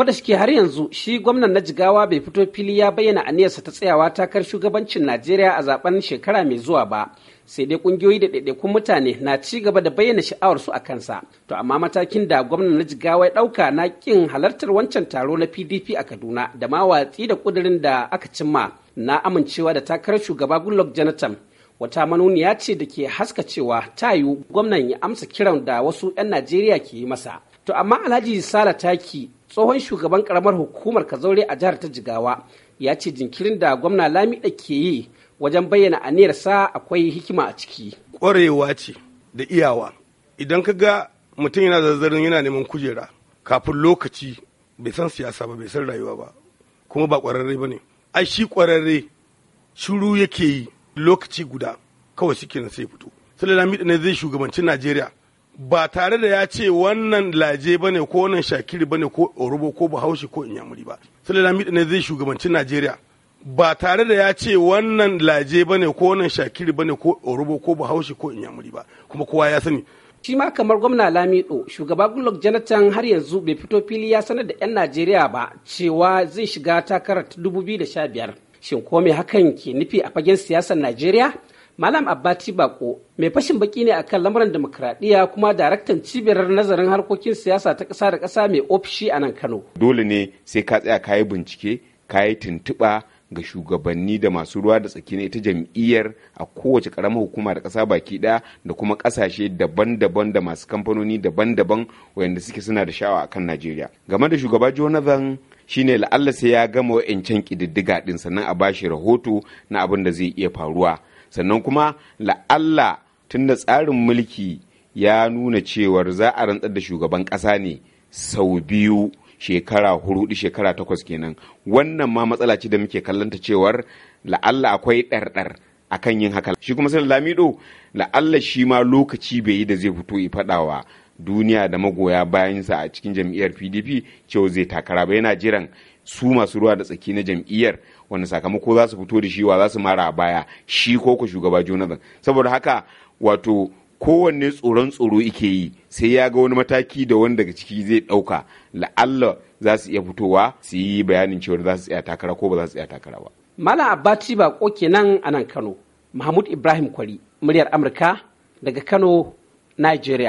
ko da har yanzu shi gwamnan na jigawa bai fito fili ya bayyana aniyarsa ta tsayawa takar shugabancin najeriya a zaben shekara mai zuwa ba sai dai kungiyoyi da ɗaiɗaikun mutane na ci gaba da bayyana sha'awarsu a kansa to amma matakin da gwamnan na jigawa ya ɗauka na ƙin halartar wancan taro na pdp a kaduna da ma watsi da ƙudurin da aka cimma na amincewa da takar shugaba goodluck jonathan wata manuniya ce da ke haska cewa ta yiwu gwamnan ya amsa kiran da wasu 'yan najeriya ke yi masa to amma alhaji sala taki tsohon shugaban karamar hukumar kazaure a jihar ta jigawa ya ce jinkirin da gwamna lami ke yi wajen bayyana aniyarsa akwai hikima a ciki ƙwarewa ce da iyawa idan ka ga mutum yana zazzarin yana neman kujera kafin lokaci bai san siyasa ba bai san rayuwa ba kuma ba ƙwararre ba ne ai shi ƙwararre shuru yake yi lokaci guda kawai shi kenan sai fito sai lamida ne zai shugabancin najeriya ba tare da ya ce wannan laje ba ne ko wannan shakiri ba ne ko Orobo ko bahaushe ko inyamuri ba sule ne zai shugabanci najeriya ba tare da ya ce wannan laje ba ne ko wannan shakiri ba ne ko Orobo ko bahaushe ko inyamuri ba kuma kowa ya sani shi ma kamar gwamna lamido shugaba goodluck jonathan har yanzu bai fito fili ya sanar da 'yan najeriya ba cewa zai shiga takarar 2015 shin ko me hakan ke nufi a fagen siyasar najeriya Malam Abbati Bako mai fashin baki ne akan lamuran demokradiyya kuma daraktan cibiyar nazarin harkokin siyasa ta ƙasa da ƙasa mai ofishi a nan Kano. Dole ne sai ka tsaya ka bincike, ka yi tuntuɓa ga shugabanni da masu ruwa da tsaki na ita jam'iyyar a kowace ƙaramar hukuma da ƙasa baki ɗaya da kuma ƙasashe daban-daban da masu kamfanoni daban-daban wayanda suke suna da sha'awa akan Najeriya. Game da shugaba Jonathan shine la'alla sai ya gama wa'ancan ƙididdiga ɗin sannan a bashi rahoto na abin da zai iya faruwa. sannan kuma la'alla tun da tsarin mulki ya nuna cewar za a rantsar da shugaban ƙasa ne sau biyu shekara hurudu shekara takwas kenan wannan ma matsala ce da muke kallanta cewar la'alla akwai ɗarɗar akan yin haka shi kuma sai lamido la'alla shi ma lokaci bai yi da zai fito ya faɗawa duniya da magoya bayansa a cikin jam'iyyar pdp cewa zai takara ba yana jiran su masu ruwa da tsaki na jam'iyyar wanda sakamako za su fito da shi wa za su mara a baya shi ko ku shugaba jonathan saboda haka wato kowanne tsoron tsoro ike yi sai ya ga wani mataki da wani daga ciki zai ɗauka la'alla za su iya fitowa su yi bayanin cewa za su tsaya takara ko ba za su tsaya takara ba. Mala abati ba ko kenan a nan Kano, Mahmud Ibrahim Kwari, muryar Amurka daga Kano, Nigeria.